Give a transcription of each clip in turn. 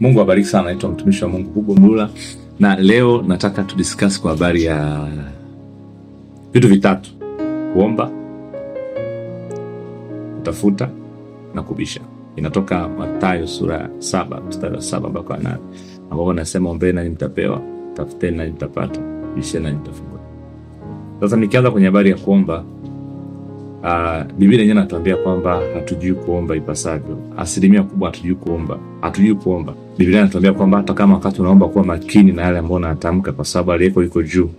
Mungu abariki sana. Naitwa mtumishi wa Mungu Hugo Mlula, na leo nataka tudiskas kwa habari ya vitu vitatu: kuomba, kutafuta na kubisha. Inatoka Mathayo sura ya saba mstari wa saba mpaka wa nane ambapo nasema ombeni nanyi mtapewa, tafuteni nanyi mtapata, bisheni nanyi mtafungua. Sasa nikianza kwenye habari ya kuomba Uh, Biblia yenyewe inatuambia kwamba hatujui kuomba ipasavyo. Asilimia kubwa hatujui kuomba, hatujui kuomba. Biblia inatuambia kwamba hata kama wakati unaomba kuwa makini na yale ambayo unatamka, kwa sababu aliyeko yuko juu.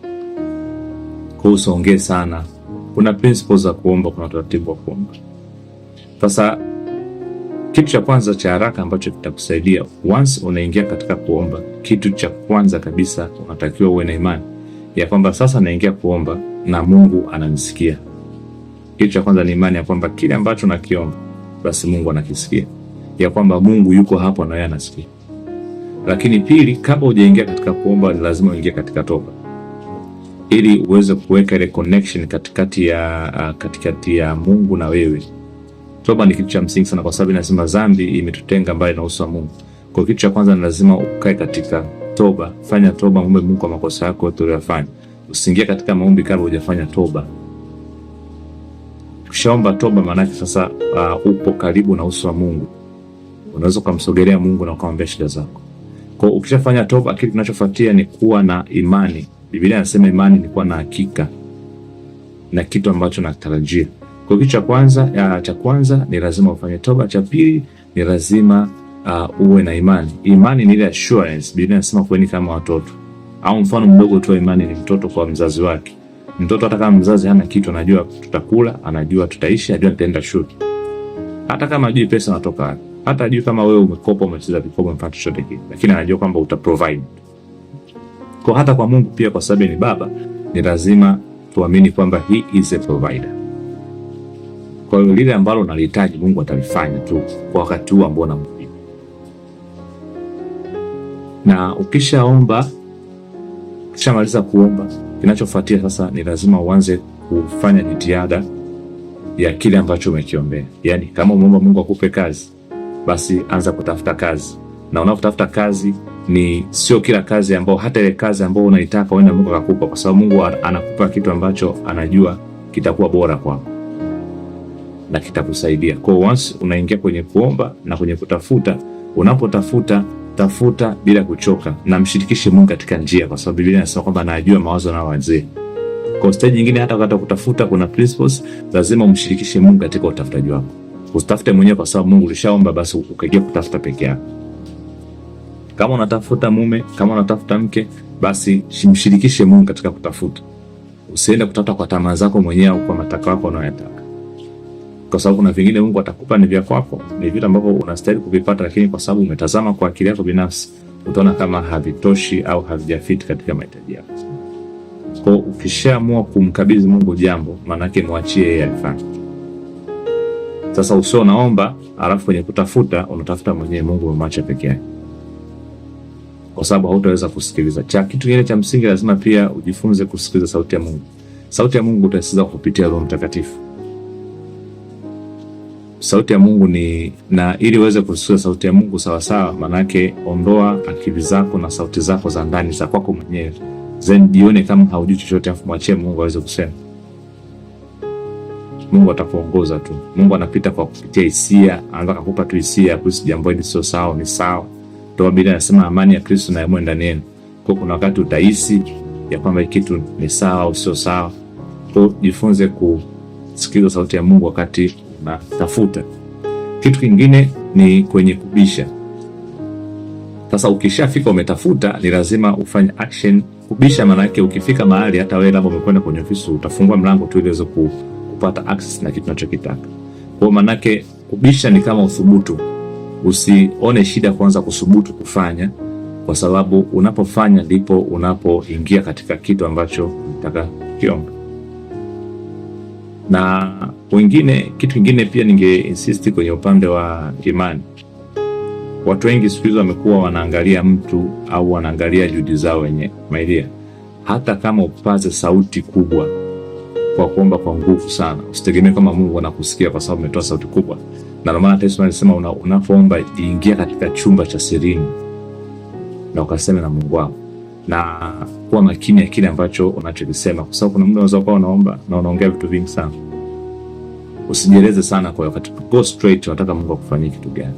Kwa usongee sana. Kuna principles za kuomba, kuna taratibu wa kuomba. Sasa kitu cha kwanza cha haraka ambacho kitakusaidia once unaingia katika kuomba, kitu cha kwanza kabisa unatakiwa uwe na imani ya kwamba sasa naingia kuomba na Mungu ananisikia. Kitu cha kwanza ni imani ya kwamba kile ambacho nakiomba basi Mungu anakisikia, ya kwamba Mungu yuko hapo na yeye anasikia. Lakini pili, kabla hujaingia katika kuomba, ni lazima uingie katika toba, ili uweze kuweka ile connection katikati ya, katikati ya Mungu na wewe. Toba ni kitu cha msingi sana, kwa sababu inasema dhambi imetutenga mbali na uso wa Mungu. Kwa kitu cha kwanza, ni lazima ukae katika toba. Fanya toba, muombe Mungu kwa makosa yako tuliyofanya. Usiingie katika maombi kabla hujafanya toba. Ukishaomba toba, maanake sasa uh, upo karibu na uso wa Mungu, unaweza ukamsogelea Mungu na ukamwambia shida zako. Kwa hiyo ukishafanya toba, kile kinachofuatia ni kuwa na imani. Biblia inasema imani ni kuwa na hakika na kitu ambacho natarajia. Kwa hiyo kitu cha kwanza ya, uh, cha kwanza ni lazima ufanye toba. Cha pili ni lazima uh, uwe na imani. Imani ni ile assurance. Biblia inasema kuweni kama watoto, au mfano mdogo tu wa imani ni mtoto kwa mzazi wake. Mtoto hata kama mzazi hana kitu, anajua tutakula, anajua tutaishi, anajua nitaenda shule. Hata kama ajui pesa natoka wapi, hata ajui kama wewe umekopa, umecheza vikopo, umefanya chochote kile, lakini anajua kwamba uta provide. Kwa hata kwa Mungu pia, kwa sababu ni Baba, ni lazima tuamini kwamba he is a provider. Kwa hiyo lile ambalo unalihitaji Mungu atalifanya tu kwa wakati huu ambao unamwomba. Na ukishaomba, ukishamaliza kuomba Kinachofuatia sasa ni lazima uanze kufanya jitihada ya kile ambacho umekiombea. Yaani, kama umeomba Mungu akupe kazi, basi anza kutafuta kazi, na unapotafuta kazi ni sio kila kazi ambayo hata ile kazi ambayo unaitaka uenda Mungu akakupa, kwa sababu Mungu anakupa kitu ambacho anajua kitakuwa bora kwako na kitakusaidia. Kwa once unaingia kwenye kuomba na kwenye kutafuta, unapotafuta tafuta bila kuchoka na mshirikishe Mungu katika njia, kwa sababu Biblia inasema kwamba anajua mawazo na wazee. Kwa stage nyingine, hata wakati kutafuta kuna principles, lazima umshirikishe Mungu katika utafutaji wako. Usitafute mwenyewe, kwa sababu Mungu ulishaomba, basi ukaingia kutafuta peke yako. Kama unatafuta mume, kama unatafuta mke, basi mshirikishe Mungu katika kutafuta. Usiende kutafuta kwa tamaa zako mwenyewe au kwa matakwa yako unayotaka kwa sababu kuna vingine Mungu atakupa ni vya kwako, ni vitu ambavyo unastahili kuvipata, lakini kwa sababu umetazama kwa akili yako binafsi utaona kama havitoshi au havijafiti katika mahitaji yako. Kwa ukishaamua kumkabidhi Mungu jambo, maana yake mwachie yeye afanye. Sasa usio naomba, alafu kwenye kutafuta unatafuta mwenyewe, Mungu umemwacha peke yake, kwa sababu hautaweza kusikiliza. Cha kitu kingine cha msingi, lazima pia ujifunze kusikiliza sauti ya Mungu. Sauti ya Mungu utaisikiliza kupitia Roho Mtakatifu sauti ya Mungu ni na, ili uweze kusikia sauti ya Mungu sawasawa, manake ondoa akili zako na sauti zako za ndani za kwako mwenyewe, then jione kama haujui chochote, afu mwachie Mungu aweze kusema. Mungu atakuongoza tu. Mungu anapita kwa kupitia hisia, anaweza kukupa tu hisia kuhusu jambo hili, sio sawa, ni sawa. Ndio Biblia inasema amani ya Kristo na yamo ndani yenu. Kwa kuna wakati utahisi ya kwamba kitu ni sawa au sio sawa. Kwa jifunze kusikiliza sauti ya Mungu wakati unatafuta. Kitu kingine ni kwenye kubisha. Sasa ukishafika umetafuta, ni lazima ufanye action kubisha. Maana yake ukifika mahali, hata wewe labda umekwenda kwenye ofisi, utafungua mlango tu ili uweze kupata access na kitu unachokitaka. Kwa maana yake kubisha ni kama uthubutu. Usione shida kwanza kusubutu kufanya, kwa sababu unapofanya ndipo unapoingia katika kitu ambacho unataka kukiona na wengine, kitu kingine pia ninge insist kwenye upande wa imani. Watu wengi siku hizi wamekuwa wanaangalia mtu au wanaangalia juhudi zao wenyewe. Mailia, hata kama upaze sauti kubwa kwa kuomba kwa nguvu sana, usitegemee kama Mungu anakusikia kwa sababu umetoa sauti kubwa. Na ndio maana Yesu alisema una, unapoomba ingia katika chumba cha siri na ukasema na Mungu wako na kuwa makini ya kile ambacho unachokisema, kwa sababu kuna muda unaweza kuwa unaomba na unaongea vitu vingi sana. Usijieleze sana kwa wakati, go straight. Unataka Mungu akufanyie kitu gani?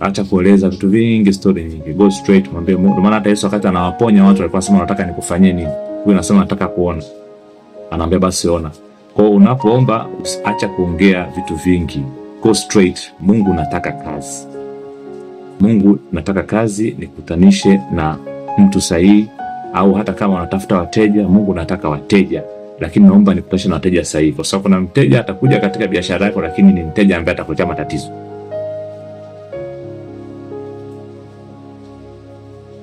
Acha kueleza vitu vingi, story nyingi, go straight, mwambie Mungu. Ndio maana hata Yesu wakati anawaponya watu alikuwa anasema nataka nikufanyie nini? Huyu anasema nataka kuona, anaambia basi ona. Kwa hiyo unapoomba usiacha kuongea vitu vingi, go straight. Mungu nataka kazi, Mungu nataka kazi, nikutanishe na mtu sahihi, au hata kama unatafuta wateja, Mungu nataka wateja lakini mm-hmm. naomba nikutanishe na wateja sasa hivi, kwa sababu kuna mteja atakuja katika biashara yako, lakini ni mteja ambaye atakuletea matatizo.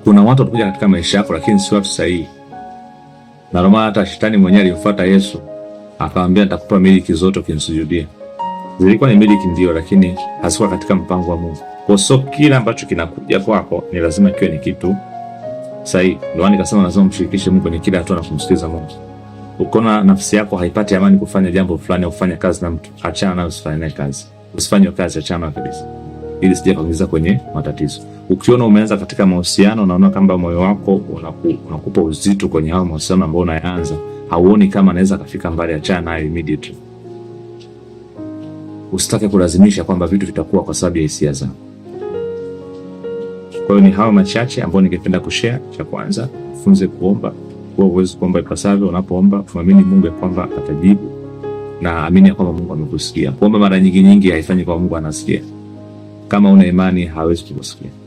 Kuna watu watakuja katika maisha yako, lakini si watu sahihi, na ndio maana hata shetani mwenyewe alimfuata Yesu akamwambia, nitakupa miliki zote ukinisujudia. Zilikuwa ni miliki ndio, lakini hazikuwa katika mpango wa Mungu. Kwa hiyo kila ambacho kinakuja kwako ni lazima kiwe ni kitu sahihi. Ndio maana nikasema lazima mshirikishe Mungu kwenye kila hatua na kumsikiliza Mungu ukona nafsi yako haipati amani kufanya jambo fulani au kufanya kazi na mtu, achana nayo, usifanye naye kazi, usifanye kazi, achana nayo kabisa, ili sije kuingiza kwenye matatizo. Ukiona umeanza katika mahusiano, unaona kama moyo wako unakupa uzito kwenye hayo mahusiano ambayo unayaanza, hauoni kama anaweza kafika mbali, achana nayo immediately. Usitake kulazimisha kwamba vitu vitakuwa kwa sababu ya hisia zako. Kwa hiyo ni hayo machache ambayo ningependa kushare. Cha kwanza, funze kuomba kuwa uwezi kuomba ipasavyo, unapoomba mwamini Mungu ya kwamba atajibu na amini ya kwamba Mungu amekusikia. Kuomba mara nyingi nyingi haifanyi kwa Mungu anasikia. Kama una imani hawezi kukusikia.